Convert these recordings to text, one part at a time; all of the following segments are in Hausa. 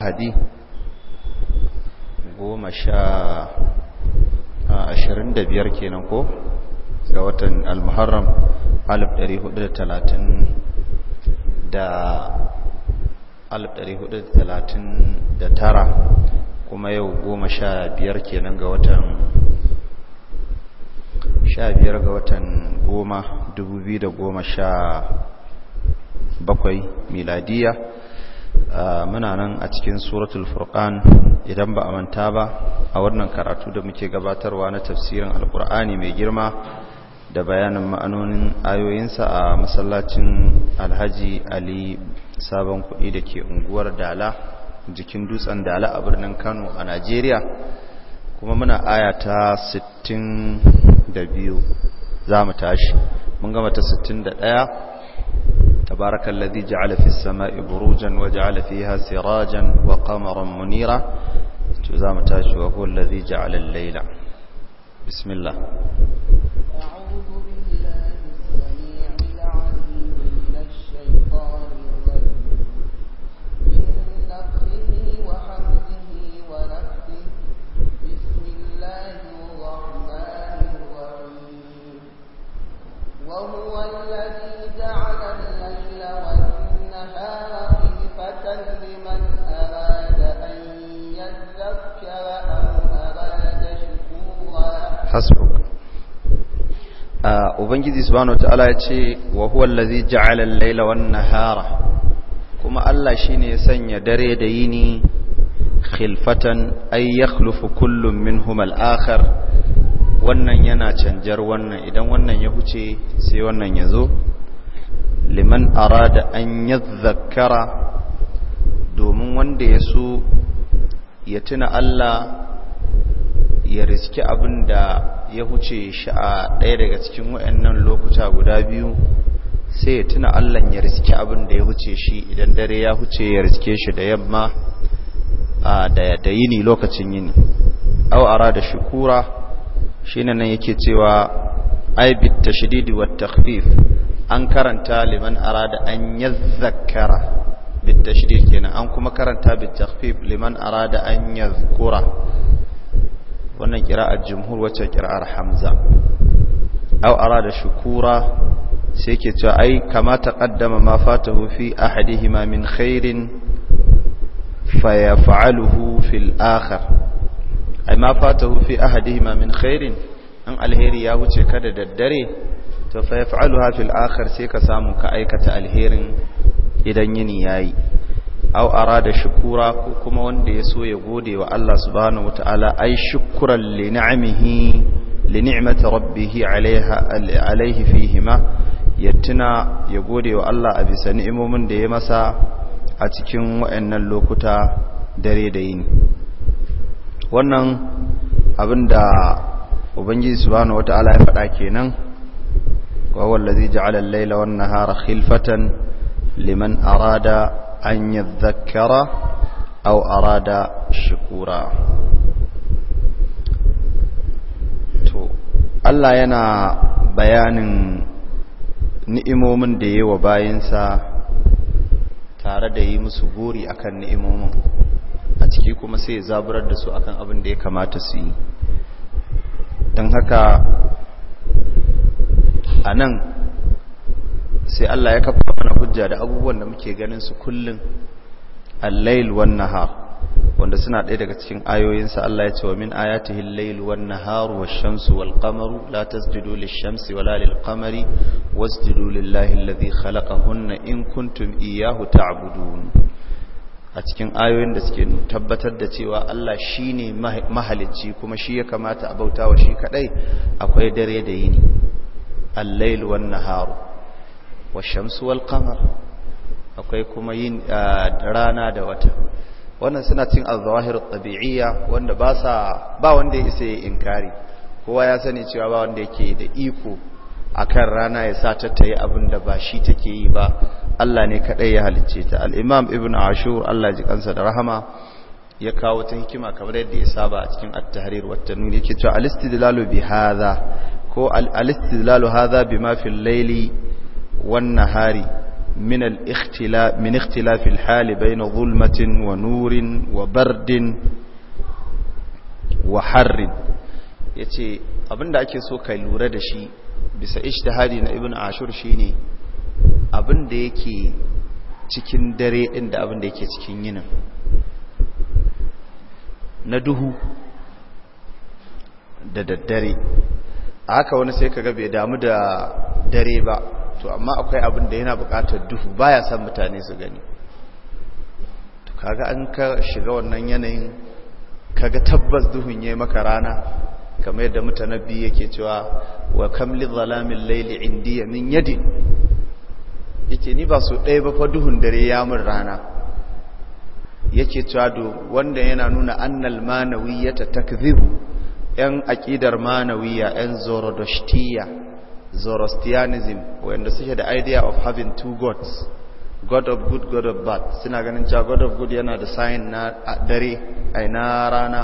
hadi goma sha ashirin da biyar kenan ko ga watan almuharram alif ɗari hudu da talatin da alif ɗari hudu da talatin da tara kuma yau goma sha biyar kenan ga watan sha biyar ga watan goma dubu biyu da goma sha bakwai miladiyya Ah, muna nan a cikin suratul furqan idan ba a manta ba a wannan karatu da muke gabatarwa na tafsirin alkur'ani mai girma da bayanin ma'anonin ayoyinsa a masallacin alhaji ali sabon kuɗi da ke unguwar dala jikin dutsen dala a birnin kano a najeriya kuma muna aya ta 62 za mu tashi mun gama ta 61 تبارك الذي جعل في السماء بروجا وجعل فيها سراجا وقمرا منيرا جزام تاج وهو الذي جعل الليل بسم الله أعوذ بالله السميع من الشيطان من وحمده بسم الله الرحمن الرحيم وهو الذي جعل الليل hasbuk ubangiji subhanahu wataala ya ce wa huwa allazi laila wan hara kuma Allah shine ya sanya dare da yini khilfatan ay yakhlufu kullum min humal akhar wannan yana canjar wannan idan wannan ya huce sai wannan ya zo liman arada an yadhakkara wanda ya so ya tuna Allah ya riski abin da ya huce shi a ɗaya daga cikin waɗannan lokuta guda biyu sai ya tuna Allah ya riski abin da ya huce shi idan dare ya huce ya riske shi da yamma da yini lokacin yini au ara da shukura shine nan yake cewa aibit tashdid wat takhfif an karanta liman arada an zakara بالتشديد كنا أنكم كرنتا بالتخفيف لمن أراد أن يذكره wannan kira'ar jumhur wacce kira'ar hamza aw arada shukura sai ke cewa ai kama taqaddama ma fatahu fi ahadihima min khairin fayaf'aluhu fil akhar ai ma fatahu fi ahadihima min khairin an alheri ya wuce kada daddare to fayaf'aluha fil akhar sai ka samu ka aikata alherin idan yini yayi ara da shukura ko kuma wanda ya so ya gode wa Allah subhanahu wataala ai shukuran li ni'amihi li ni'mati rabbihi alaiha alaihi fi yatina ya tuna ya gode wa Allah a bisa ni'imomin da ya masa a cikin waɗannan lokuta dare da yini wannan abinda ubangiji subhanahu wataala ya faɗa kenan wa wallazi ja'ala al-laila wan nahara khilfatan liman arada an yadhakkara au arada shukura to Allah yana bayanin ni'imomin da yayi wa bayinsa tare da yi musu gori akan ni'imomin a ciki kuma sai ya zaburar da su akan abin da ya kamata su yi don haka a nan sai Allah ya kafa mana hujja da abubuwan da muke ganin su kullun al-lail wan nahar wanda suna ɗaya daga cikin ayoyinsa Allah ya ce wa min ayatihi al-lail wan nahar wash-shamsu wal-qamaru la tasjudu lish-shamsi wala lil-qamari wasjudu lillahi alladhi khalaqahunna in kuntum iyyahu ta'budun a cikin ayoyin da suke tabbatar da cewa Allah shine mahalicci kuma shi ya kamata a bautawa shi kadai akwai dare da yini al-lail wan nahar wa wal akwai kuma yin rana da wata wannan suna cin al-zawahir tabi'iyya wanda ba sa ba wanda ya isa inkari kowa ya sani cewa ba wanda yake da iko akan rana ya sa ta tayi abin da ba shi take yi ba Allah ne kadai ya halicce ta al-imam ibn ashur Allah ji kansa da rahama ya kawo ta hikima kamar yadda ya saba a cikin at-tahrir wa at-tanwin yake cewa al-istidlalu bi hadha ko al-istidlalu hadha bima fil layli والنهار من الاختلاف من اختلاف الحال بين ظلمة ونور وبرد وحر yace abinda ake so kai lura da shi bisa ijtihadi na ibn ashur shine abinda yake cikin dare din da abinda yake cikin yinin na duhu da daddare haka wani sai kaga bai damu da dare ba to amma akwai abin da yana bukatar duhu baya son mutane su gani to kaga an ka shiga wannan yanayin kaga tabbas duhun yayi maka rana kamar yadda mutanabbi yake cewa wa kam li zalamin layli indi min yadin yake ni ba su ɗaya ba fa duhun dare ya mun rana yake cewa do wanda yana nuna annal manawiyata takdhibu yan aqidar manawiya yan zoro dostiya zoroastrianism wanda suke da idea of having two gods god of good god of bad suna ganin cewa god of good yana da sign na dare ai na rana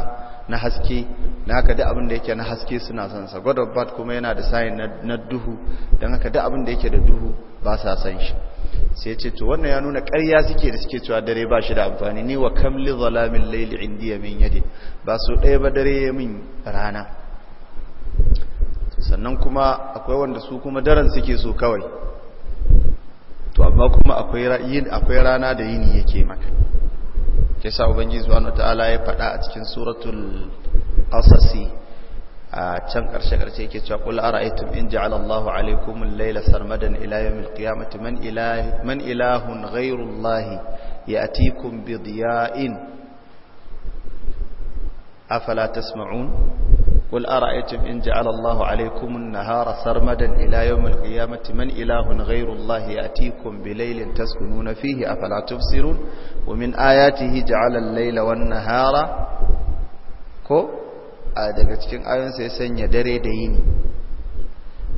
na haske na haka duk abin da yake na haske suna son sa god of bad kuma yana da sign na, duhu dan haka duk abin da yake da duhu ba sa san shi sai ce to wannan ya nuna ƙarya suke da suke cewa dare ba shi da amfani ni wa kam li zalamin layli indiya min yadi ba su ɗaya ba dare min rana sannan kuma akwai wanda su kuma daren suke so kawai to amma kuma akwai rana da yini yake maka ke sa ubangiji subhanahu ta'ala ya faɗa a cikin suratul asasi a can ƙarshe ƙarshe yake cewa qul ara'aytum in ja'ala Allahu 'alaykum al sarmadan ila yawm man man ilahun Ghairullahi, Allah ya'tikum Bidiyain. afala tasma'un قل أرأيتم إن جعل الله عليكم النهار سرمدا إلى يوم القيامة من إله غير الله يأتيكم بليل تسكنون فيه أفلا تبصرون ومن آياته جعل الليل والنهار كو daga cikin ayoyinsa ya sanya dare da yini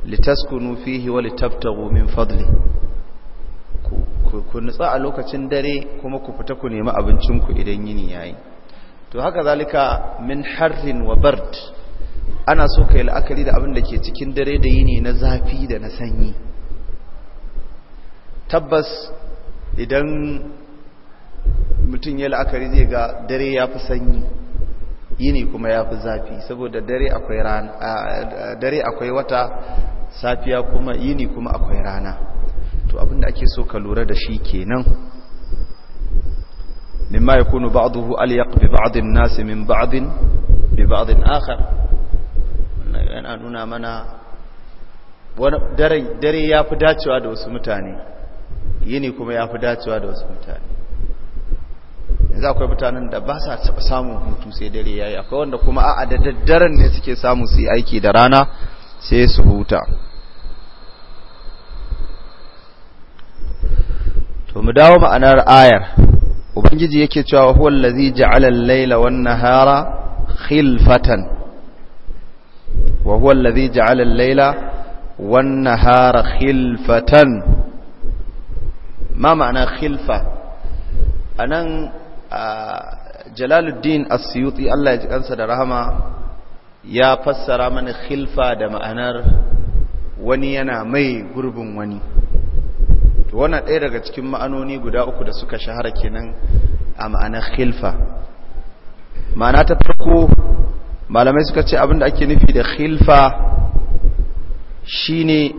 litaskunu fihi wa fadli ku nutsa a lokacin dare kuma ku fita ku nemi abincin ku idan yini yayi to haka zalika min harrin wa bard ana so ka yi la'akari da abin da ke cikin dare da yini na zafi da na sanyi tabbas idan mutum ya la'akari zai ga dare ya fi sanyi yini kuma ya fi zafi saboda dare akwai wata safiya kuma yini kuma akwai rana to abinda ake so ka lura da shi kenan mimma yakunu ba'duhu al yaqbi ba'd an-nas min ba'd bi ba'd akhar yana nuna mana dare ya fi dacewa da wasu mutane yini kuma ya fi dacewa da wasu mutane yanzu akwai mutanen da ba sa taɓa samun hutu sai dare ya yi akwai wanda kuma a da ne suke samu su yi aiki da rana sai su huta to mu dawo ma'anar ayar ubangiji yake cewa huwa allazi ja'ala al-laila wan-nahara khilfatan wa huwa allazi ja'ala al-laila wan nahara khilfatan ma ma'ana khilfa anan Jalaluddin As-Suyuti Allah ya ji kansa da rahama ya fassara mana khilfa da ma'anar wani yana mai gurbin wani to wannan ɗaya daga cikin ma'anoni guda uku da suka shahara kenan a ma'anar khilfa ma'ana ta farko malamai suka ce abinda ake nufi da khilfa shine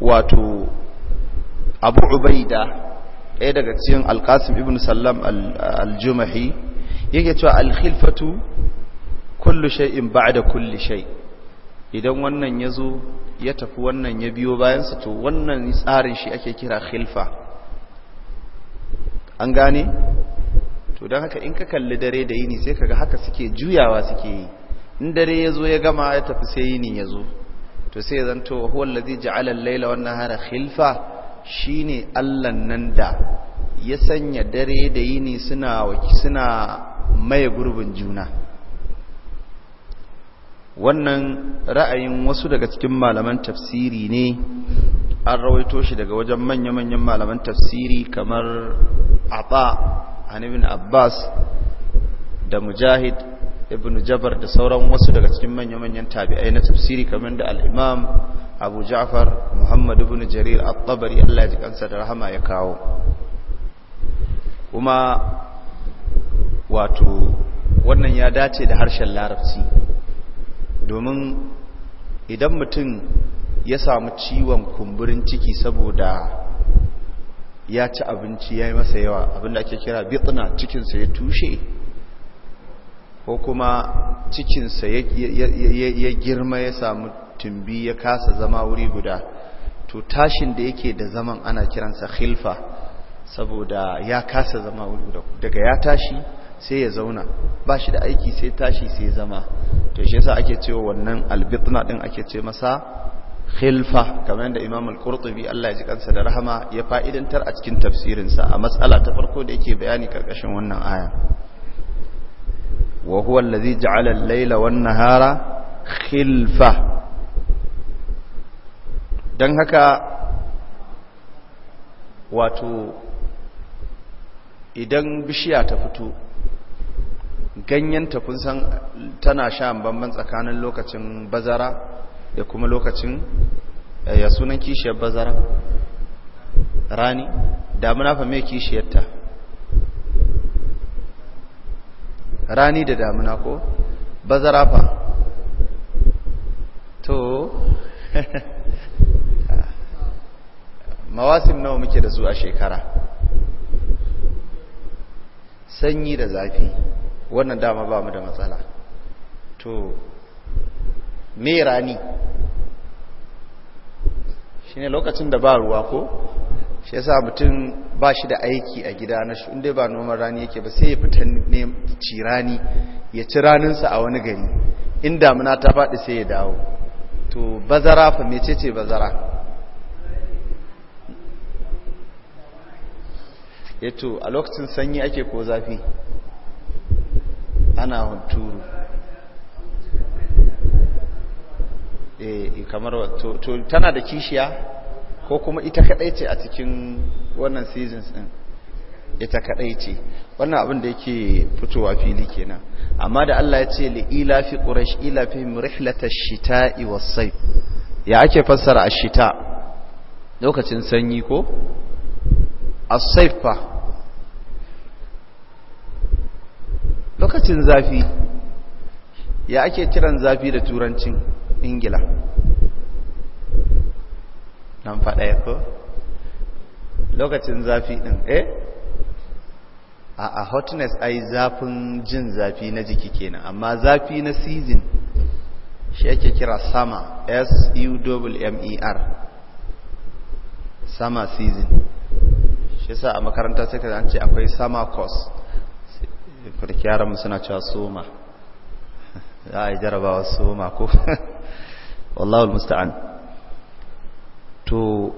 wato abu ubaida ɗaya daga cikin alkasim ibn sallam al-jumahi yake cewa al-khilfatu kullu shay'in ba'da kulli shay idan wannan yazo ya tafi wannan ya biyo bayan sa to wannan tsarin shi ake kira khilfa an gane to dan haka in ka kalli dare da yini sai kaga haka suke juyawa suke yi in dare ya zo ya gama ya tafi sai yini ya zo to sai zanto huwa allazi ja'ala al-laila wan nahara khilfa shine allah nan da ya sanya dare da yini suna suna maye gurbin juna wannan ra'ayin wasu daga cikin malaman tafsiri ne an rawaito shi daga wajen manya-manyan malaman tafsiri kamar aba an ibn abbas da mujahid ibn jabar da sauran wasu daga cikin manya-manyan tabi'ai na tafsiri kamar da al'imam abu ja'far muhammad ibn jarir al-tabari allah ya ji kansa da rahama ya kawo kuma wato wannan ya dace da harshen larabci domin idan mutum ya samu ciwon kumburin ciki saboda ya ci abinci ya yi masa yawa abinda ake kira bitna cikinsa ya tushe ko kuma cikinsa ya girma ya samu tumbi ya kasa zama wuri guda to tashin da yake da zaman ana kiransa khilfa saboda ya kasa zama wuri guda daga ya tashi sai ya zauna ba shi da aiki sai tashi sai zama to shi yasa ake cewa wannan albitna din ake ce masa khilfa kamar yadda Imam Al-Qurtubi Allah ya ji kansa da rahama ya fa'idantar a cikin tafsirinsa a matsala ta farko da yake bayani karkashin wannan aya وهو الذي جعل الليل والنهار laila wan hara hilfa dan haka wato idan bishiya ta fito ganyenta kun san tana shan bamban tsakanin lokacin bazara da kuma lokacin eh, ya sunan kishiyar bazara rani damuna fa me kishiyarta rani da damuna ko bazara fa to mawasim nawa muke da su a shekara sanyi da zafi wannan dama ba mu da matsala to me rani ne lokacin da ba ruwa ko shi yasa mutum ba shi da aiki a gida na shi inda ba noman rani yake ba sai ya fita ne rani ya ci raninsa a wani gari in damuna ta faɗi sai ya dawo to bazara fa ce bazara eh to a lokacin sanyi ake ko zafi ana hunturu Eh, kamar to tana da kishiya ko kuma ita kadai ce a cikin wannan seasons din ita kadai ce wannan abin da yake fitowa fili kenan amma da Allah ya ce li ila fi quraish ila fi rihlatash shita'i was-sayf ya ake fassara ash-shita lokacin sanyi ko as-sayf fa lokacin zafi ya ake kiran zafi da turancin ingila nan faɗa ya ko lokacin zafi ɗin eh a a hotness ai zafin jin zafi na jiki kenan amma zafi na season shi yake kira sama s-u-m-e-r sama e season shi sa a makaranta sai ka ce akwai sama course kurkiyaranmu suna cewa soma za a yi jarabawa soma ko wallahu musta'an to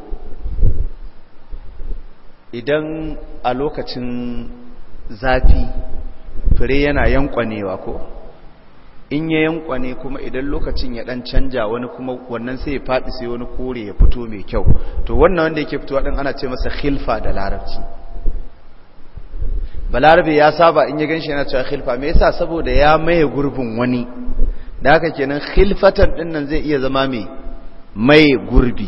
idan a lokacin zafi fure yana yankwanewa ko in ya yankwane kuma idan lokacin ya dan canja wani kuma wannan sai ya faɗi sai wani kore ya fito mai kyau to wannan wanda yake fitowa din ana ce masa khilfa da larabci balarabe ya saba in ya ganshi yana cewa khilfa me yasa saboda ya maye gurbin wani da haka kenan khilfatan din zai iya zama mai mai gurbi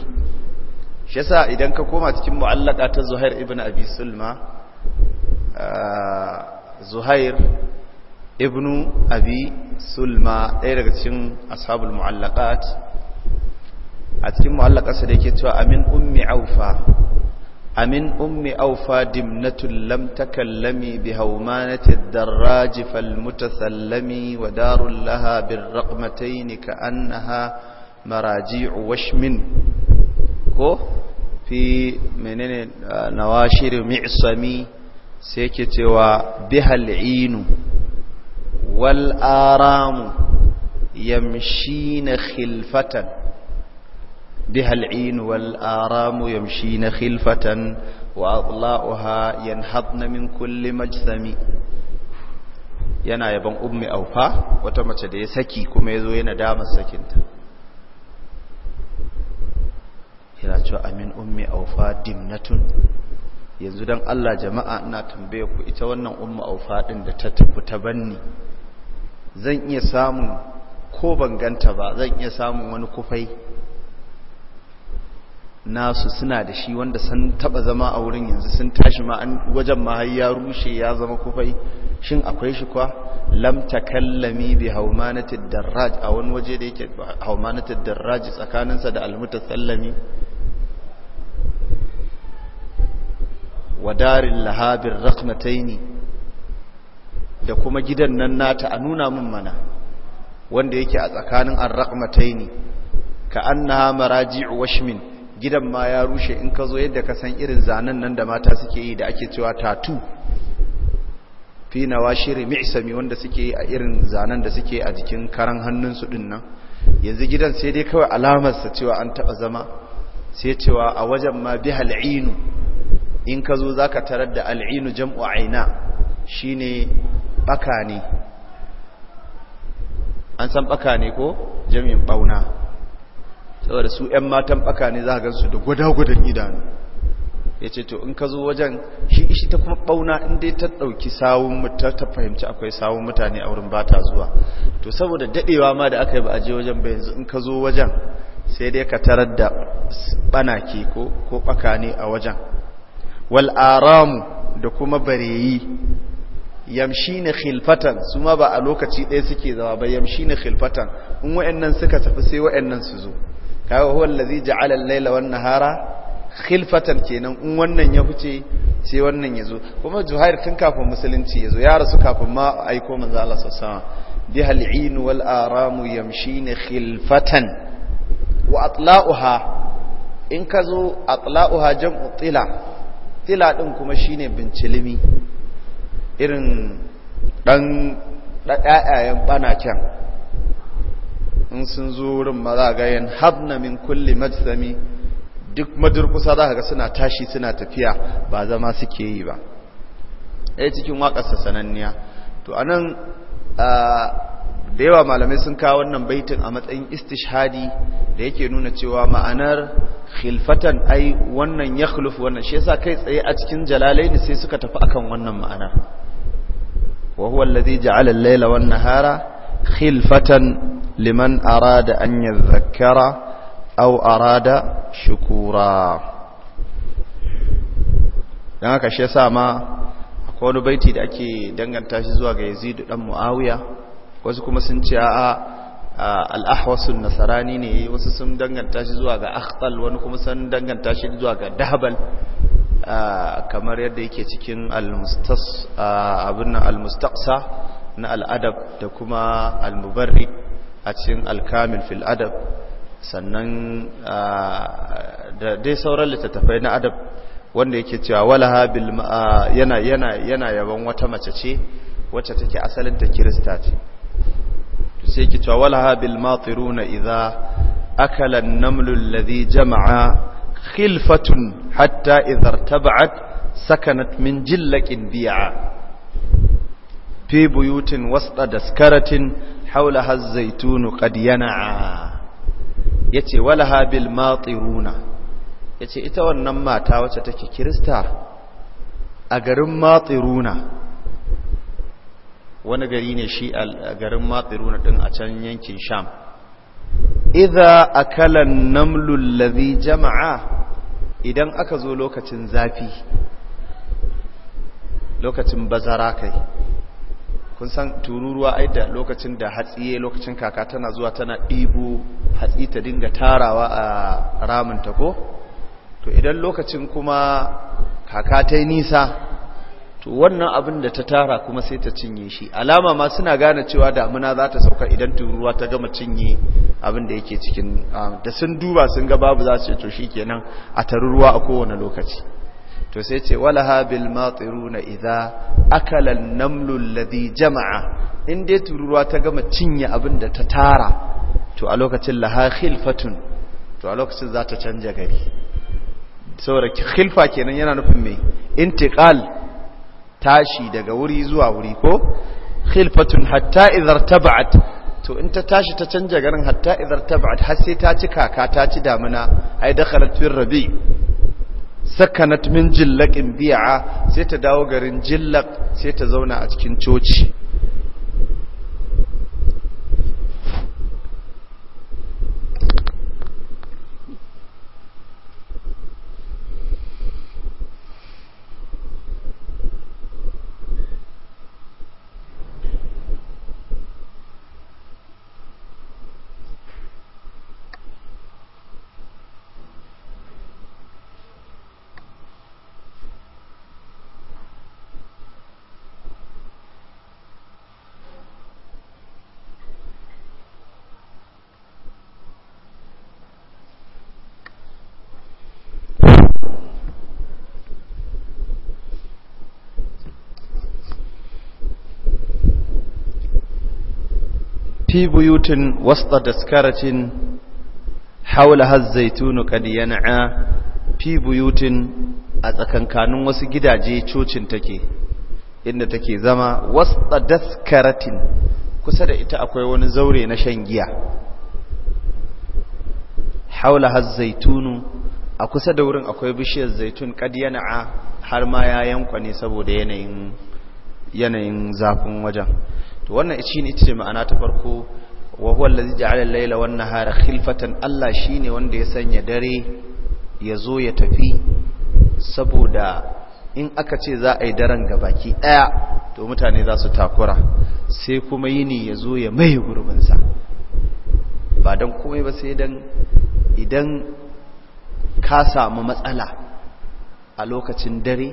shi yasa idan ka koma cikin mu'allaka ta Zuhair ibn Abi Sulma ah, Zuhair ibn Abi Sulma ɗaya daga cikin ashabul mu'allaqat a cikin sa da yake cewa amin ummi aufa أمن أم أوفى دمنة لم تكلمي بهومانة الدراج فالمتثلم ودار لها بالرقمتين كأنها مراجيع وشم في من آه، نواشر معصمي سيكت بها العين والآرام يمشين خلفةً بها العين والآرام يمشين خلفة وأضلاؤها ينهضن من كل مجثم yana yaban ummi aufa wata mace da ya saki kuma yazo yana damar sakinta yana cewa amin ummi aufa dimnatun yanzu dan Allah jama'a ina tambaye ku ita wannan ummi aufa din da ta tafi ta banni zan iya samun ko ban ganta ba zan iya samun wani kufai nasu suna da shi wanda sun taba zama a wurin yanzu sun tashi ma an wajen ma ya rushe ya zama kufai shin akwai shi kwa lam takallami bi haumanatid darraj a wani waje da yake haumanatid darraj tsakaninsa da almutasallami wadarin lahabin raknataini da kuma gidan nan nata a nuna min mana wanda yake a tsakanin arrakmataini ka annaha maraji'u washmin gidan ma ya rushe in ka zo yadda ka san irin zanen nan da mata suke yi da ake cewa tatu fi nawashiri mi'isami wanda suke yi a irin zanen da suke a jikin karan hannunsu din nan yanzu gidan sai dai kawai alamarsa cewa an taba zama sai cewa a wajen ma bi hal'inu in ka zo za ka tarar da al'inu jam'u aina shi ne ɓaka ne an san ɓaka ne ko jam'in ɓauna saboda su 'yan matan baka ne za a gansu da gwada-gwadan idanu ya ce to in ka zo wajen shi ishi ta kuma bauna inda ta ɗauki sawun ta fahimci akwai sawun mutane a wurin bata zuwa to saboda daɗewa ma da aka yi ba a je wajen bai yanzu in ka zo wajen sai dai ka tarar da banaki ko ko ne a wajen Wal'aramu da kuma bareyi yamshi khilfatan su ma ba a lokaci ɗaya suke zama ba yamshi na khilfatan in wayannan suka tafi sai waɗannan su zo kawo huwa allazi ja'ala al-laila wan nahara khilfatan kenan in wannan ya huce sai wannan yazo kuma Zuhair tun kafin musulunci yazo ya rasu kafin ma aiko manzo Allah sallallahu alaihi wasallam al-ain wal aram yamshin khilfatan wa atla'uha in ka zo atla'uha jam'u tila tila din kuma shine bincilimi irin dan bana ɓanaken in sun zo wurin mazagayen habna min kulli majsami duk madurkusa za ga suna tashi suna tafiya ba zama suke yi ba yi cikin waƙarsa sananniya to a nan da yawa malamai sun kawo wannan baitin a matsayin istishhadi da yake nuna cewa ma'anar khilfatan ai wannan ya khulufu wannan shi yasa kai tsaye a cikin jalalai ne sai suka tafi akan wannan ma'anar wa huwa allazi ja'ala al-laila wan nahara khilfatan liman arada an yadhakkara aw arada shukura dan haka shi yasa ma akwai wani baiti da ake danganta shi zuwa ga Yazid dan Muawiya wasu kuma sun ce a'a al'ahwasun nasarani ne wasu sun danganta shi zuwa ga akhtal wani kuma sun danganta shi zuwa ga Dahbal. kamar yadda yake cikin abin al-mustaqsa na al'adab da kuma al a cikin al fil adab sannan da dai sauran littattafai na adab wanda yake cewa walaha bil yana yana yana yaban wata mace ce wacce take asalin ta kirista ce sai yake cewa walaha bil matiruna idza akala an-namlu alladhi jama'a khilfatun hatta idza irtaba'at sakanat min jillaqin bi'a fi buyutin wasta daskaratin haula hazzaitunu qad yana'a yace walaha bil matiruna yace ita wannan mata wacce take kirista a garin matiruna wani gari ne shi a garin matiruna din a can yankin sham idza akala an-namlu alladhi jama'a idan aka zo lokacin zafi lokacin bazara kai kun san tururuwa ai da lokacin da hatsiye lokacin kaka tana zuwa tana ɗibo hatsi ta dinga tarawa a ramin ta ko to idan lokacin kuma kaka ta yi nisa to wannan abin da ta tara kuma sai ta cinye shi alama ma suna gane cewa damuna za ta sauka idan tururuwa ta gama cinye abin da yake cikin ah, da sun duba sun ga babu za su ce to shikenan a taruruwa a kowane lokaci to sai ce wala habil matiruna idza akala an-namlu alladhi jama'a in dai tururuwa ta gama cinye abin da ta tara to a lokacin laha khilfatun to a lokacin za ta canja gari saboda khilfa kenan yana nufin me intiqal tashi daga wuri zuwa wuri ko khilfatun hatta idza tab'at to in ta tashi ta canja garin hatta idza tab'at har sai ta ci kaka ta ci damina ai dakhalat fir rabi' sakanat min jillaqin bi'a sai ta dawo garin jillaq sai ta zauna a cikin coci في بيوت وسط تذكرة حولها الزيتون قد ينعى في بيوت أتكن كانوا وسجدا جي تشوشن تكي إن تكي زما وسط تذكرة كسر إتا أكوي ونزوري نشنجيا حولها الزيتون a kusa da wurin akwai bishiyar zaitun kad yana har ma ya yankwa ne saboda yanayin yanayin zafin wajen to wannan ne ita ce ma'ana ta farko wa huwa allazi ja'ala al-layla wan nahara khilfatan Allah shine wanda ya sanya dare ya zo ya tafi saboda in aka ce za a yi daren ga baki daya to mutane za su takura sai kuma yini ya zo ya mai sa. ba don komai ba sai dan idan ka samu matsala a lokacin dare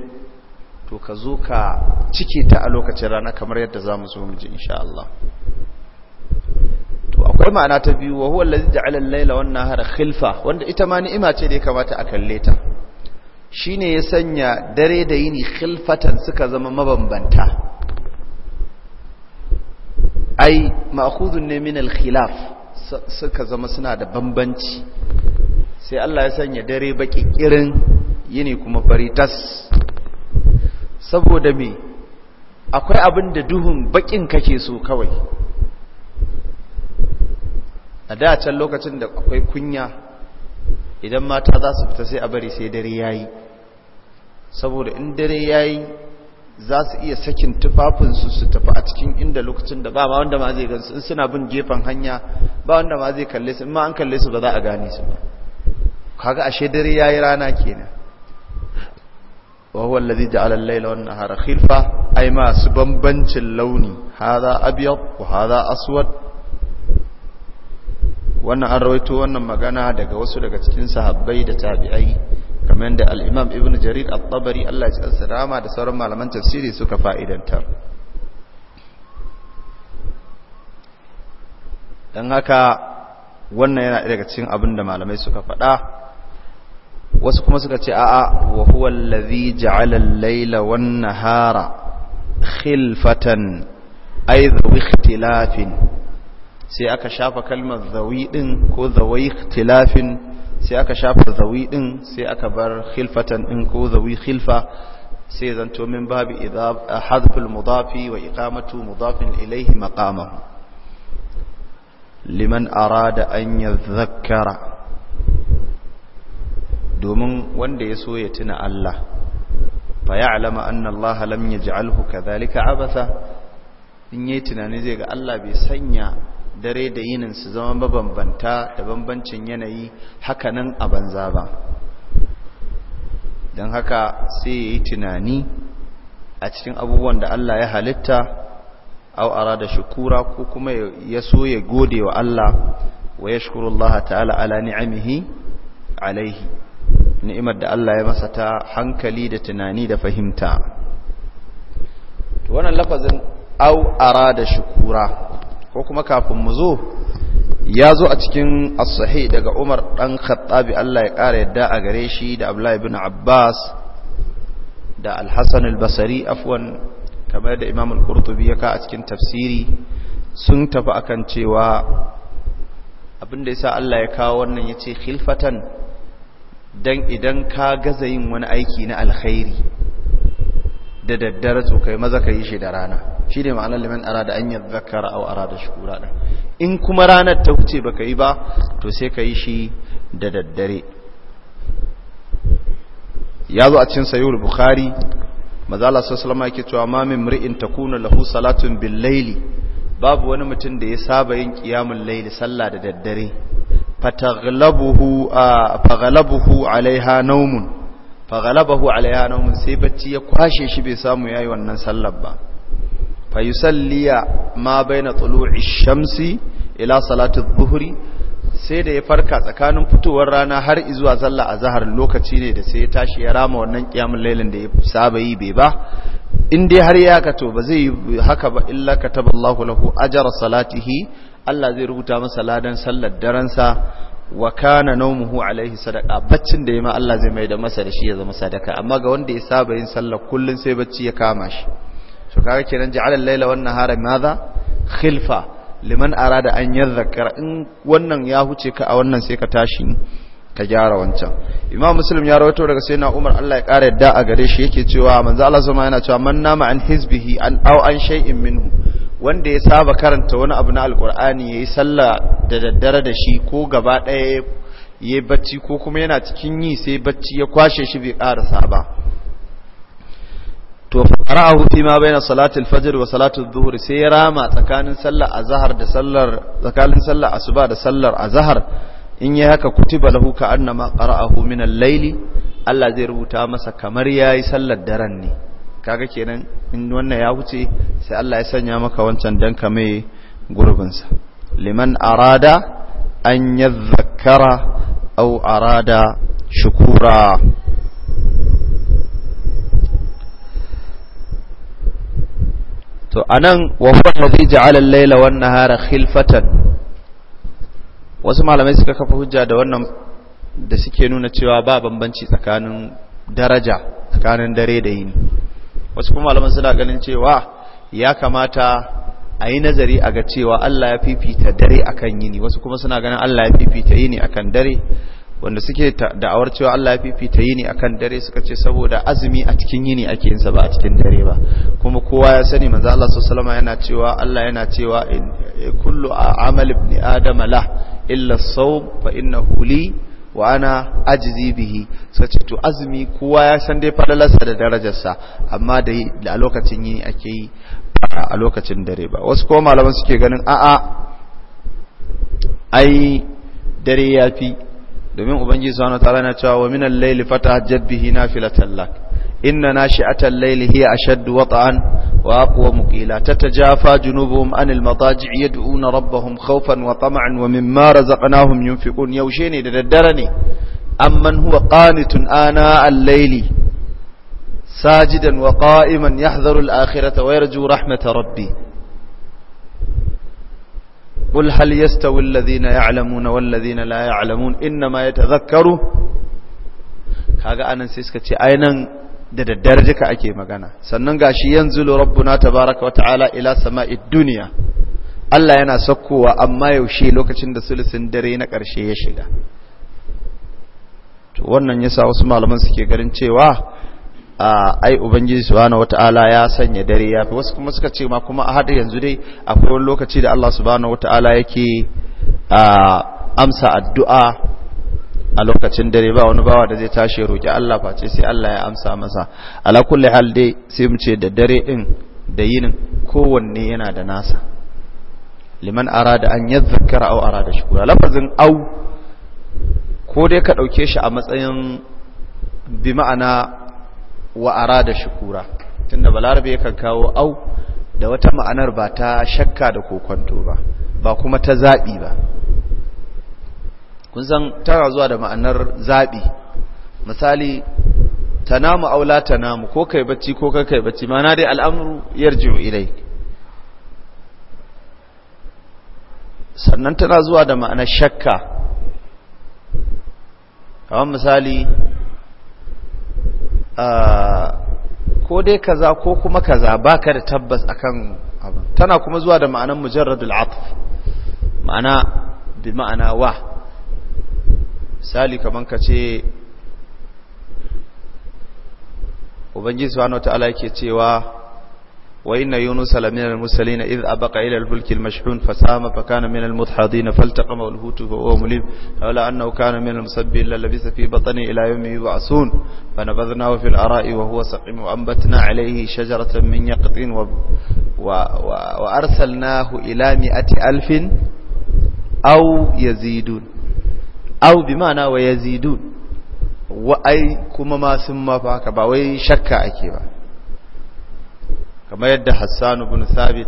to ka zo ka cike ta a lokacin rana kamar yadda za mu zo mu ji insha Allah to akwai ma'ana ta biyu wa huwa allazi ja'ala al-laila wan nahara khilfa wanda ita ma ni'ima ce da ya kamata a kalle ta shine ya sanya dare da yini khilfatan suka zama mabambanta ai ma'khudun ne min al-khilaf suka zama suna da bambanci sai Allah ya sanya dare baki kirin yini kuma tas. saboda me akwai abin da duhun bakin kake so kawai a da can lokacin da akwai kunya idan mata za su fita sai a bari sai dare yayi saboda in dare yayi za su iya sakin tufafinsu su tafi a cikin inda lokacin da ba ma wanda ma zai gansu in suna bin gefen hanya ba wanda ma zai kalle su in ma an kalle su ba za a gane su ba kaga ashe dare yayi rana kenan wa huwa alladhi ja'ala al-layla wan nahara khilfa ai masu bambancin launi hadha abyad wa hadha aswad wannan an rawaito wannan magana daga wasu daga cikin sahabbai da tabi'ai kamar da al-imam ibn jarir at-tabari Allah ya tsansa rama da sauran malaman tafsiri suka fa'idantar dan haka wannan yana daga cikin abin da malamai suka faɗa wasu kuma suka ce a'a wa huwa allazi ja'ala al-laila wan nahara khilfatan ay dhawi ikhtilafin sai aka shafa kalmar dhawi din ko zawi ikhtilafin sai aka shafa dhawi din sai aka bar khilfatan din ko dhawi khilfa sai zanto min babu idab hadful mudafi wa iqamatu mudafin ilayhi maqamahu liman arada an yadhakkara domin wanda ya so ya tuna Allah fa ya'lamu anna Allah lam yaj'alhu kadhalika abatha in yayi tunani zai ga Allah bai sanya dare da yinin su zama mabambanta da bambancin yanayi haka nan a banza ba don haka sai yayi tunani a cikin abubuwan da Allah ya halitta au arada shukura ko kuma ya so ya gode wa Allah wa yashkurullaha ta'ala ala ni'amihi alaihi ni'imar da Allah ya masa ta hankali da tunani da fahimta to wannan lafazin au arada shukura ko kuma kafin mu zo ya zo a cikin as-sahih daga Umar dan Khattabi Allah ya kare yadda a gare shi da Abdullah ibn Abbas da Al-Hasan al-Basri afwan kamar da Imam al-Qurtubi ya ka a cikin tafsiri sun tafi akan cewa abinda yasa Allah ya kawo wannan yace khilfatan dan idan ka gaza yin wani aiki na alkhairi da daddare to kai maza ka yi shi da rana shi ne ma'anar liman arada an anyar zakara au arada shukura ɗin in kuma ranar ta wuce baka yi ba to sai ka yi shi da daddare ya zo a cikin sayur bukhari mazala sassalama yake cewa mamin mri'in ta kuna lahu salatun bin laili babu wani mutum da ya saba yin kiyamun laili sallah da daddare fataglabuhu fagalabuhu alaiha naumun fagalabahu alaiha naumun sai bacci ya kwashe shi bai samu yayi wannan sallar ba fa salliya ma baina tulu'i shamsi ila salati dhuhri sai da ya farka tsakanin fitowar rana har zuwa sallar azhar lokaci ne da sai ya tashi ya rama wannan qiyamul lailin da ya saba yi bai ba in dai har ya to ba zai yi haka ba illa kataballahu lahu ajra salatihi Allah zai rubuta masa ladan sallar daransa wa kana nawmuhu alaihi sadaqa baccin da ma Allah zai mai da masa da shi ya zama sadaka amma ga wanda ya saba yin sallar kullun sai bacci ya kama shi so kaga kenan ja'alal laila wan nahara madha khilfa liman arada an yadhakkara in wannan ya huce ka a wannan sai ka tashi ka gyara wancan imam muslim ya rawaito daga sayyidina umar Allah ya kare yadda a gare shi yake cewa manzo Allah sama yana cewa man nama an hizbihi an aw an shay'in minhu wanda ya saba karanta wani abu na alkur'ani ya yi sallah da daddare da shi ko gaba ɗaya ya yi bacci ko kuma yana cikin yi sai bacci ya kwashe shi bai ƙarasa ba to a hutu ma bai na salatul fajr wa salatul zuhur sai ya rama tsakanin sallar azhar da sallar tsakanin sallar asuba da sallar azhar in yi haka kutiba lahu ka annama qara'ahu min al-layli Allah zai rubuta masa kamar yayi sallar daren ne kaga kenan in wannan ya wuce sai Allah ya sanya maka wancan dan ka mai gurbinsa liman arada an yadhakkara aw arada shukura to anan wa huwa alladhi ja'ala al-layla wan nahara khilfatan wasu malamai suka kafa hujja da wannan da suke nuna cewa ba bambanci tsakanin daraja tsakanin dare da yini wasu kuma malaman suna ganin cewa ya kamata a yi nazari a ga cewa Allah ya fifita dare akan yini wasu kuma suna ganin Allah ya fifita yini akan dare wanda suke da'awar cewa Allah ya fifita yini akan dare suka ce saboda azumi a cikin yini ake yinsa ba a cikin dare ba kuma kowa ya sani manzo Allah sallallahu yana cewa Allah yana cewa eh, kullu a ibn adama la illa as-sawm fa innahu wa ana ajizi bihi sace to azumi kowa ya san dai falalarsa da darajarsa amma dai a lokacin yini ake yi a lokacin dare ba wasu kuma malaman suke ganin a'a ai dare ya fi domin ubangiji subhanahu wataala na cewa wa minal layli fatahajjat bihi nafilatan lak inna nashi'atal layli hiya ashaddu wata'an وأقوم قيلا تتجافى جنوبهم عن المضاجع يدعون ربهم خوفا وطمعا ومما رزقناهم ينفقون يوشيني ددرني أمن هو قانت آناء الليل ساجدا وقائما يحذر الآخرة ويرجو رحمة ربي قل هل يستوي الذين يعلمون والذين لا يعلمون إنما يتذكروا kaga anan sai suka ce ainihin da daddare duka ake magana sannan gashi yanzu rabbuna tabaraka wa ta'ala ila sama'id dunya Allah yana sakkowa amma yaushe lokacin da sulusin dare na ƙarshe ya shiga to wannan yasa wasu malaman suke garin cewa ai ubangiji subhanahu wata'ala ya sanya dare yafi wasu kuma suka ce ma kuma a hada yanzu dai akwai wani lokaci da Allah subhanahu wata'ala yake amsa addu'a a lokacin dare ba wani bawa da zai tashi roƙi Allah face sai Allah ya amsa masa ala kulli hal dai sai mu ce da dare din da yinin kowanne yana da nasa liman arada an yadhakkara aw arada shukura lafazin au ko dai ka dauke shi a matsayin bi ma'ana wa arada shukura tunda balarabe yakan kawo au da wata ma'anar ba ta shakka da kokonto ba ba kuma ta zabi ba kun san tana zuwa da ma'anar zabi misali tanamu aula tanamu ko kai bacci ko kai kai bacci na dai al'amru yarji'u ilai sannan tana zuwa da ma'anar shakka kamar misali ko dai kaza ko kuma kaza baka da tabbas akan abu tana kuma zuwa da ma'anar mujarradul atf ma'ana bi ma'ana wa misali kaman ka ce ubangiji subhanahu wataala yake cewa wa inna yunus la min al-mursalin idh abaqa ila al-fulk al-mashhun fasama fa kana min al-mudhadin faltaqama al-hutu wa huwa mulim wala annahu kana min al-musabbi illa labisa fi batni ila yawmi yub'asun fanabadhnahu fi al-ara'i wa huwa saqim wa anbatna alayhi shajaratan min yaqtin wa wa arsalnahu ila mi'ati alfin aw yazidun au bi ma'ana wa yazidun wa kuma ma sun mafa ba wai shakka ake ba kamar yadda Hassan ibn Thabit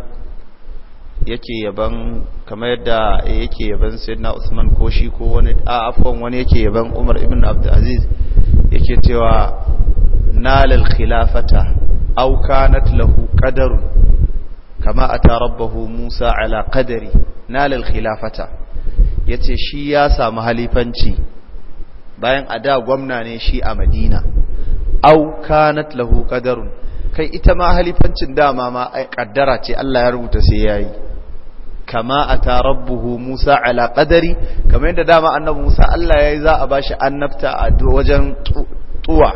yake yaban kamar yadda yake yaban Sayyidina Usman ko shi ko wani a wani yake yaban Umar ibn abdulaziz yake cewa nalal khilafata aw kanat lahu qadarun kama ata rabbahu Musa ala qadari nalal khilafata ya ce shi ya samu halifanci bayan a da gwamna ne shi a madina au kanat lahu qadarun kai ita ma halifancin dama ma kaddara ce Allah ya rubuta sai yayi kama ata rabbuhu Musa ala qadari kama yadda dama annabi Musa Allah yayi za a bashi annabta a wajen tuwa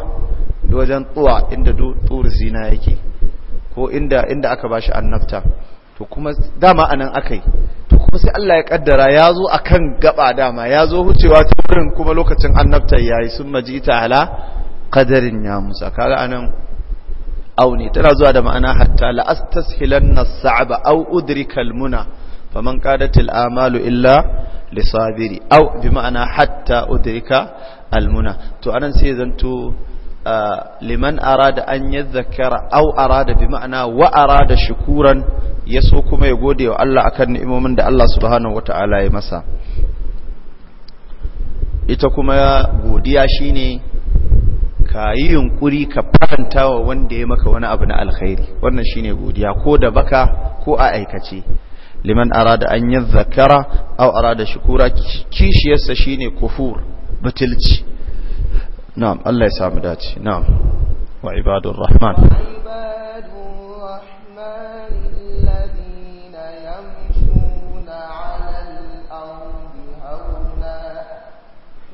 wajen tuwa inda tur zina yake ko inda inda aka bashi annabta to kuma dama anan akai kuma sai Allah ya kaddara ya zo a kan gaba dama ya zo hucewa ta wurin kuma lokacin annabtar ya yi sun maji ita ala kadarin ya musa kaga anan auni tana zuwa da ma'ana hatta la'astas na sa'aba au udrikal muna faman qadatil amalu illa lisabiri au bi ma'ana hatta udrika almuna to anan sai zanto ah, liman arada an yadhakkara au arada bi ma'ana wa arada shukuran ya so kuma ya gode wa Allah akan ni'imomin da Allah subhanahu wata'ala ya masa ita kuma godiya shine ka yi yunkuri ka faranta wa wanda ya maka wani abu na alkhairi wannan shine godiya ko da baka ko a aikace liman arada an yi zakara au arada shukura kishiyarsa shine kufur batilci na'am Allah ya samu dace na'am wa ibadur rahman ibadur rahman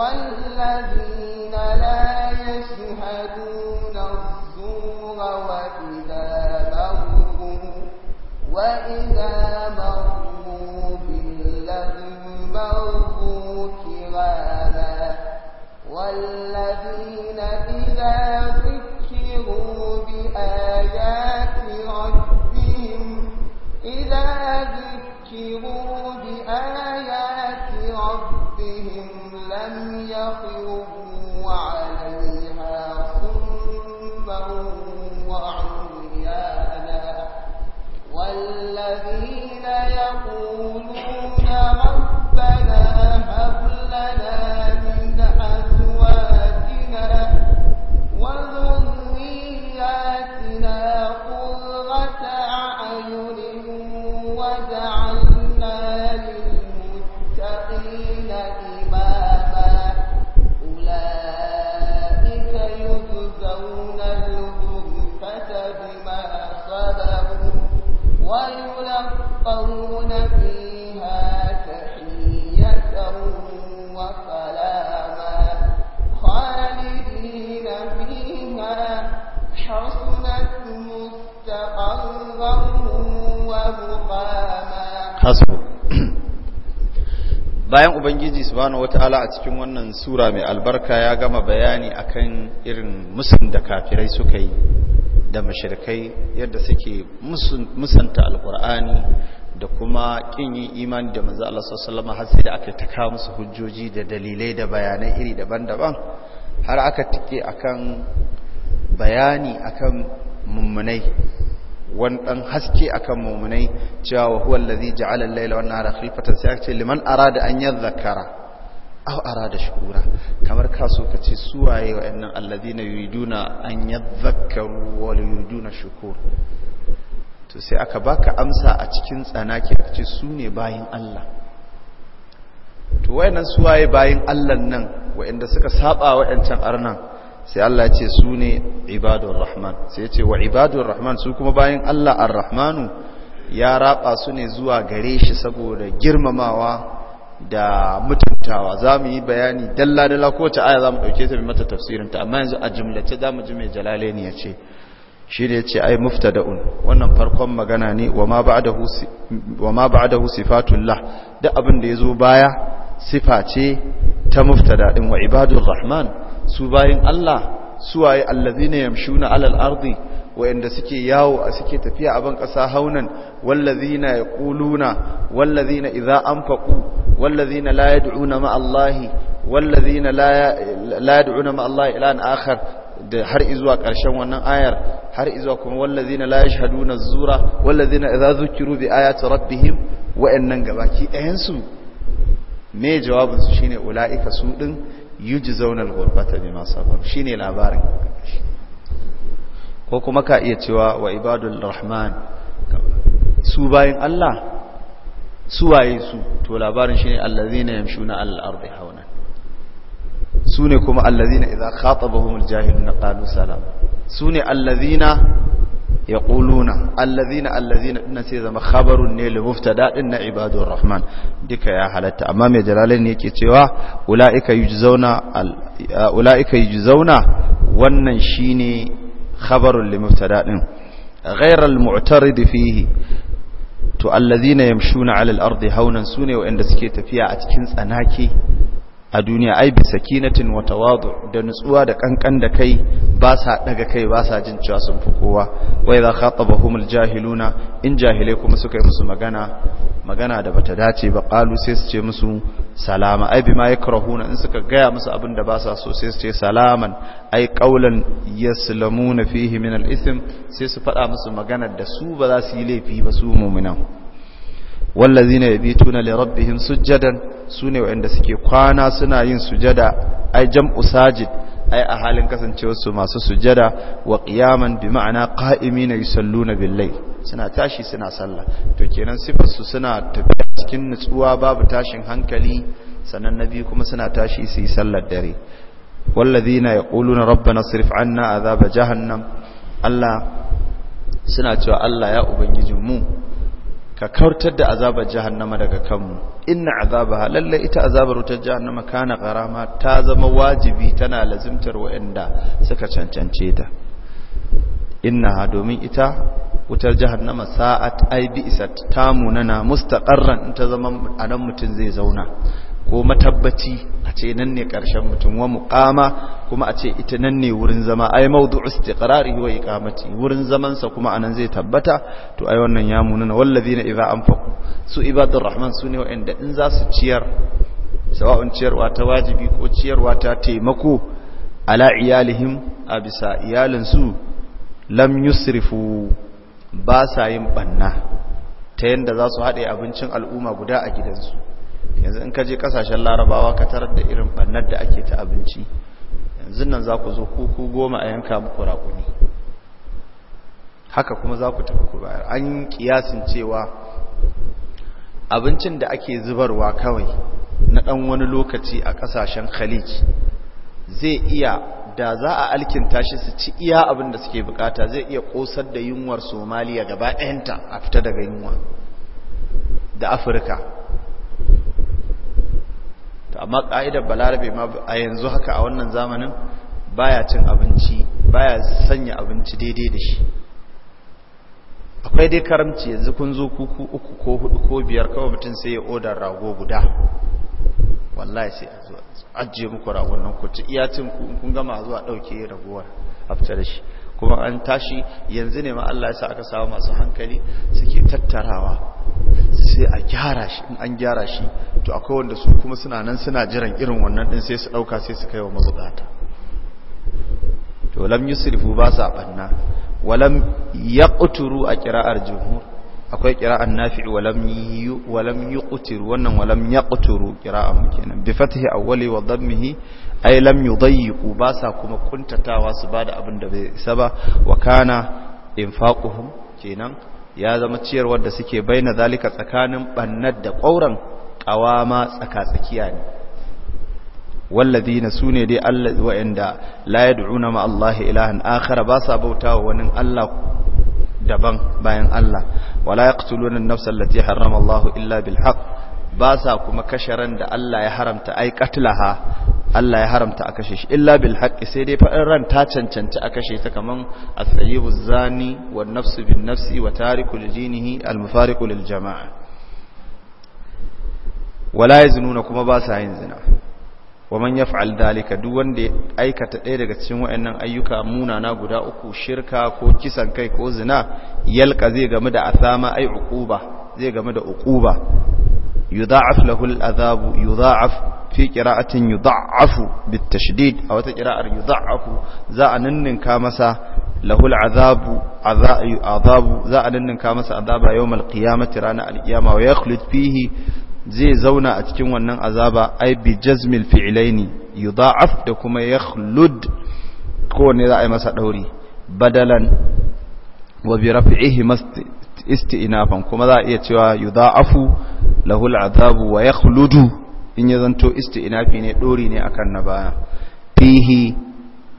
والذين لا يشهدون الزور وإذا مروا وإذا مروا باللغو مروا كراما والذين إذا ذكروا بآيات ربهم إذا ذكروا bayan ubangiji subhanahu wataala a cikin wannan sura mai albarka ya gama bayani akan irin musun da kafirai suka yi da mashirkai yadda suke musanta alkur'ani da kuma kin yi imani da manzo Allah sallallahu alaihi wasallam har sai da aka taka musu hujjoji da dalilai da bayanai iri daban-daban har aka tike akan bayani akan mummunai wani ɗan haske a kan mummunai cewa wa huwa allazi ja'ala al-laila wan nahara khilfatan sai ake liman arada an yadhakkara aw arada shukura kamar ka so ka ce suwaye wa'annan allazina yuriduna an yadhakkaru wa yuriduna shukur to sai aka baka amsa a cikin tsana tsanaki ka ce su ne bayin Allah to su waye bayin Allah nan wa'anda suka saba wa'ancan arnan sai Allah ya ce su ne ibadun rahman sai ya ce wa ibadun rahman su kuma bayan Allah ar-rahmanu ya raba su ne zuwa gare shi saboda girmamawa da mutuntawa za mu yi bayani dalla-dalla ta aya za mu ɗauke ta bi mata tafsirinta amma yanzu a jimlace za mu ji mai jalale ne ya ce shi ne ce ai muftada'un wannan farkon magana ne wa ma ba'dahu sifatullah duk abin da ya zo baya sifa ce ta muftada din wa ibadur rahman su bayin Allah suwaye allazina yamshuna alal ardi wa'anda suke yawo a suke tafiya a ban ƙasa haunan wallazina yaquluna wallazina idza anfaqu wallazina la yad'una ma Allahi wallazina la yad'una ma Allahi ilan akhar da har izuwa ƙarshen wannan ayar har izuwa kuma wallazina la yashhaduna az-zura wallazina idza zukiru bi ayati rabbihim wa'annan gabaki ɗayan su me jawabin su shine ulaika su din yujzauna al-ghurfata bima sabar shine labarin ko kuma ka iya cewa wa ibadul rahman su bayin Allah su waye su to labarin shine allazina yamshuna al-ardi hauna sune kuma allazina idza khatabahum al-jahiluna qalu salam sune allazina yaquluna allazina allazina dinnan sai zama khabarun ne li mubtada din na ibadur rahman duka ya halatta amma mai jalalain yake cewa ulaika yujzauna ulaika yujzauna wannan shine khabarun li mubtada din ghayra al mu'tarid fihi to allazina yamshuna ala al ardi haunan sune wa'anda suke tafiya a cikin tsanaki a duniya ai bi sakinatin wa tawadu da nutsuwa da kankan da kai ba sa daga kai ba sa jin cewa sun fi kowa wa idza khatabahum aljahiluna in jahilai kuma suka yi musu magana magana da bata dace ba qalu sai su ce musu salama ai bima yakrahuna in suka gaya musu abin da ba sa so sai su ce salaman ai qaulan yaslamuna fihi min alithm sai su faɗa musu magana da su ba za su yi laifi ba su mu'minan wallazina yabituna li rabbihim sujjadan sune wanda suke kwana suna yin sujada ai jam'u sajid ai a halin kasancewar su masu sujada wa qiyaman bi ma'ana qa'imina yusalluna bil layl suna tashi suna sallah to kenan sifar su suna tafiya cikin nutsuwa babu tashin hankali sannan nabi kuma suna tashi su yi sallar dare wallazina yaquluna rabbana sirif anna azaba jahannam Allah suna cewa Allah ya ubangijinmu mu ka kautar da azabar jahannama daga kanmu inna azabaha lalle ita azabar wutar jahannama kana karama ta zama wajibi tana lazimtar wa'anda suka cancance ta ha domin ita wutar jahannama sa'at ai bi isat tamu nana mustaqarran ta zama anan mutun zai zauna ko matabbaci a ce nan ne ƙarshen mutum wa muƙama kuma a ce ita nan ne wurin zama ai mawdu istiqrari wa iqamati wurin zaman sa kuma anan zai tabbata to ai wannan ya munana wallazina idza anfaqu su ibadur rahman sune wa'anda in za su ciyar sawa'un ciyarwa ta wajibi ko ciyarwa ta taimako ala iyalihim a bisa iyalinsu lam yusrifu ba sa yin banna ta yanda za su haɗe abincin al'umma guda a gidansu yanzu in ka je kasashen larabawa ka tarar da irin bannar da ake ta abinci yanzu nan za ku zo kuku goma a yanka muku raƙuni haka kuma za ku tafi ku bayar an kiyasin cewa abincin da ake zubarwa kawai na ɗan wani lokaci a ƙasashen khalij zai iya da za a alkinta shi su ci iya abin da suke bukata zai iya ƙosar da yunwar somaliya gaba ɗayanta a fita daga yunwa da afirka amma ka'idar balarabe ma a yanzu haka a wannan zamanin baya cin abinci baya sanya abinci daidai da shi akwai dai karamci yanzu kun zo kuku uku ko hudu ko biyar kawai mutum sai ya odar rago guda wallahi sai ajiye muku rago nan kuci iya cin kun gama zuwa dauke ragowar afta da shi kuma an tashi yanzu ne ma Allah ya sa aka samu masu hankali suke tattarawa sai a gyara shi in an gyara shi to akwai wanda su kuma suna nan suna jiran irin wannan din sai su dauka sai su kai wa mazubata to lam yusrifu ba sa banna walam yaqturu a qira'ar jumhur akwai qira'an nafi'i walam walam yuqtir wannan walam yaqturu qira'an nan. bi fathi awwali wa dhammihi ay lam yudayyiqu ba sa kuma kuntatawa su bada abin da bai isa ba wa kana infaquhum kenan ya zama ciyarwar da suke bayyana zalika tsakanin bannar da ƙauran ƙawama tsakatsakiya ne walladina sune dai Allah wa'anda la yad'una ma Allah ilahan akhar ba sa wa wani Allah daban bayan Allah wala yaqtuluna an-nafsa allati illa bil ba sa kuma kashe ran da Allah ya haramta ai katlaha Allah ya haramta a kashe shi illa bil haqqi sai dai fadin ran ta cancanci a kashe ta kaman as sayyibuz zani wan nafsu bin nafsi wa tariku li dinihi al mufariqu lil jama'a wala yaznuna kuma ba sa yin zina wa man yaf'al dalika duk wanda ya aikata ɗaya daga cikin wayannan ayyuka munana guda uku shirka ko kisan kai ko zina yalka zai game da asama ai uquba zai game da uquba yudha'af lahu al'adhabu yudha'af fi qira'atin yudha'afu bitashdid a wata qira'ar yudha'afu za a ninninka masa lahu al'adhabu adhabu za a ninninka masa adhaba yawm al-qiyamati rana fihi zai zauna a cikin wannan azaba ai bi jazmil fi'ilaini yudha'af da kuma yakhlud kowanne za a yi masa dauri badalan wa bi raf'ihi masti isti'nafan kuma za a iya cewa yudha'afu lahu al'adabu wa yakhludu in ya zanto isti'nafi ne dori ne akan na baya fihi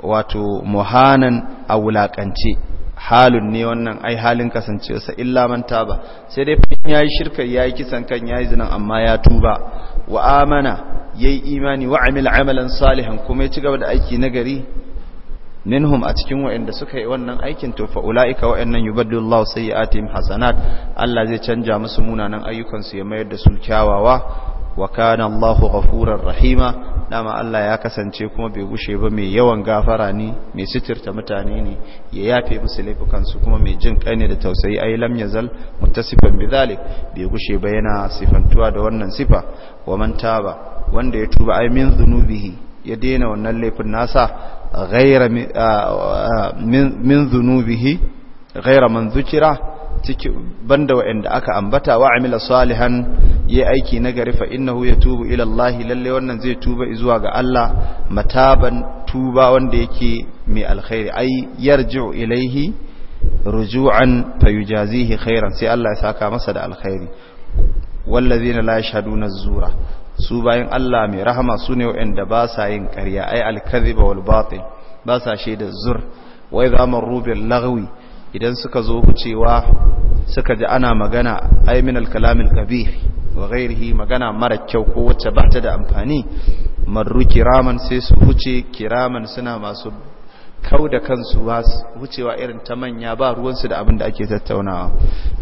wato muhanan a wulakance halun ne wannan ai halin kasancewarsa illa man taba sai dai fa yayi shirka yayi kisan kan yayi zinan amma ya tuba wa amana yayi imani wa amila amalan salihan kuma ya ci gaba da aiki na gari? minhum a cikin waɗanda suka yi wannan aikin to fa ulaika waɗannan yubaddilullahu sayyi'atihim hasanat Allah zai canja musu munanan ayyukan su ya mayar da su kyawawa wa kana Allahu ghafurar rahima dama Allah ya kasance kuma bai gushe ba mai yawan gafara ne mai sitirta mutane ne ya yafe musu laifukan su kuma mai jin kai ne da tausayi ai lam yazal muttasifan bidhalik bai gushe ba yana sifantuwa da wannan sifa wa man taba wanda ya tuba ai min dhunubihi ya daina wannan laifin nasa ghaira min zunubihi ghaira man zukira banda wa'anda aka ambata wa amila salihan yi aiki na gari fa innahu yatubu ila Allah lalle wannan zai tuba zuwa ga Allah mataban tuba wanda yake mai alkhairi ai yarji'u ilaihi ruju'an fayujazihi khairan sai Allah ya saka masa da alkhairi wallazina la yashhaduna az su bayan Allah mai rahama su ne wa'anda ba sa yin ƙarya ai alkaziba wal batil ba sa shaida zur wai zaman rubin lagwi idan suka zo hucewa suka ji ana magana ai min alkalamil qabih wa ghairihi magana mara kyau ko wacce ba ta da amfani marru kiraman sai su huce kiraman suna masu kau da kansu ba hucewa irin ta manya ba ruwansu da abin da ake tattaunawa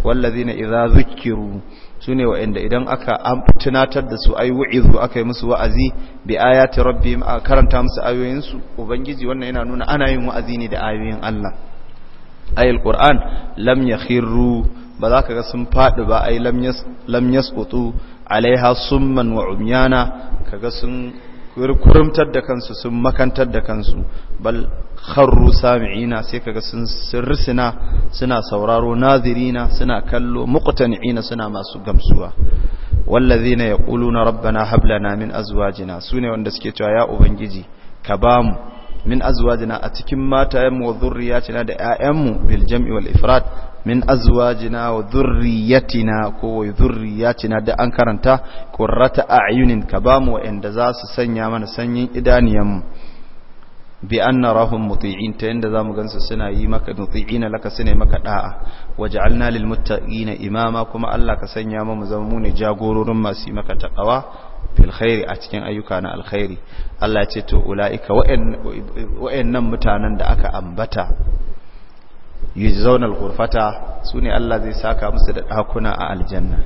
wallazina idza zukkiru su ne wa'anda idan aka tunatar da su ayi wa'izu aka yi musu wa'azi bi ayati rabbi a karanta musu ayoyinsu ubangiji wannan yana nuna ana yin wa'azi ne da ayoyin Allah ayil qur'an lam yakhiru ba za ka ga sun fadi ba ai lam yasqutu alaiha summan wa umyana kaga sun kurumtar da kansu sun makantar da kansu bal kharru sami'ina sai kaga sun sirrisina suna sauraro nazirina suna kallo muqtani'ina suna masu gamsuwa wallazina yaquluna rabbana hab lana min azwajina sune wanda suke cewa ya ubangiji ka bamu min azwajina a cikin matayenmu wa zurriyatina da 'ya'yanmu bil jam'i wal ifrat min azwajina wa dhurriyyatina ko wa dhurriyyatina da an karanta qurrata a'yunin ka bamu wa'anda za su sanya mana sanyin idaniyan bi anna rahum muti'in ta yanda zamu gansu suna yi maka muti'ina laka sune maka da'a waj'alna lil muttaqina imama kuma Allah ka sanya mu zama mu ne jagororin masu yi maka taqwa fil khairi a cikin ayyuka na alkhairi Allah ya ce to ulaika wa'annan mutanen da aka ambata yujzauna al-ghurfata sune Allah zai saka musu da dakuna a aljanna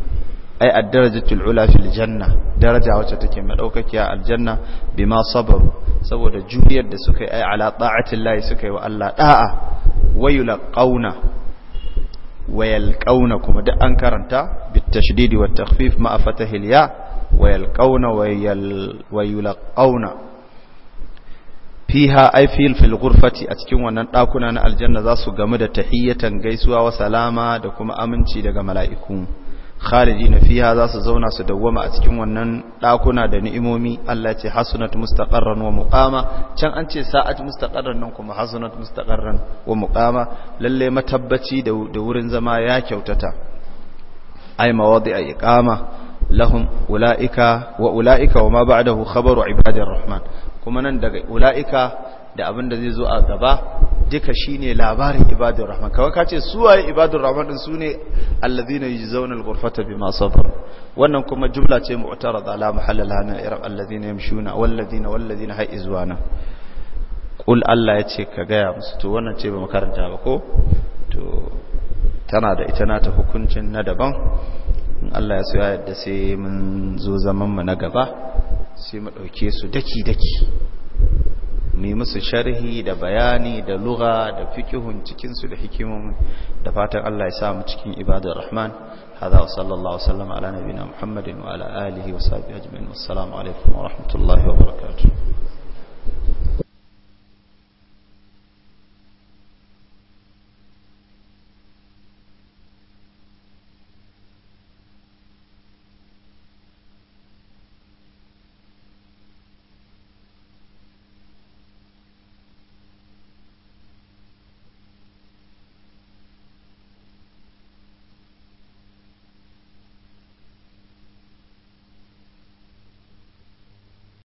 ai ad-darajatul ula fil janna daraja wacce take madaukakiya aljanna bima sabaru saboda juriyar da suka yi ai ala ta'atillahi suka yi wa Allah da'a wayulqauna wayalqauna kuma duk an karanta bit tashdidi wat takhfif ma fatahil ya wayalqauna wayulqauna fiha ai fil fil a cikin wannan dakuna na aljanna za su gamu da tahiyatan gaisuwa wa salama da kuma aminci daga mala'iku khalidina fiha za su zauna su dawwama a cikin wannan dakuna da ni'imomi Allah ya ce hasunat mustaqarran wa muqama can an ce sa'at mustaqarran nan kuma hasunat mustaqarran wa muqama lalle matabbaci da wurin zama ya kyautata ai mawadi'a iqama lahum ulaika wa ulaika wa ma ba'dahu khabaru ibadir rahman kuma nan daga ula'ika da abin da zai zo a gaba duka shine labarin ibadur rahman kawai ka ce su waye ibadur rahman din sune allazina yuzawna alghurfata bima sabar wannan kuma jumla ce mu'tarada la mahalla laha min irab allazina yamshuna wallazina wallazina hay izwana qul allah yace ka gaya musu to wannan ce ba makaranta ba ko to tana da ita nata hukuncin na daban in Allah ya soya yadda sai mun zo zaman mu na gaba sai mu dauke su daki daki musu sharhi da bayani da lura da fiqhun cikinsu da hikimomi da fatan Allah ya mu cikin ibadar rahman hada wa sallallahu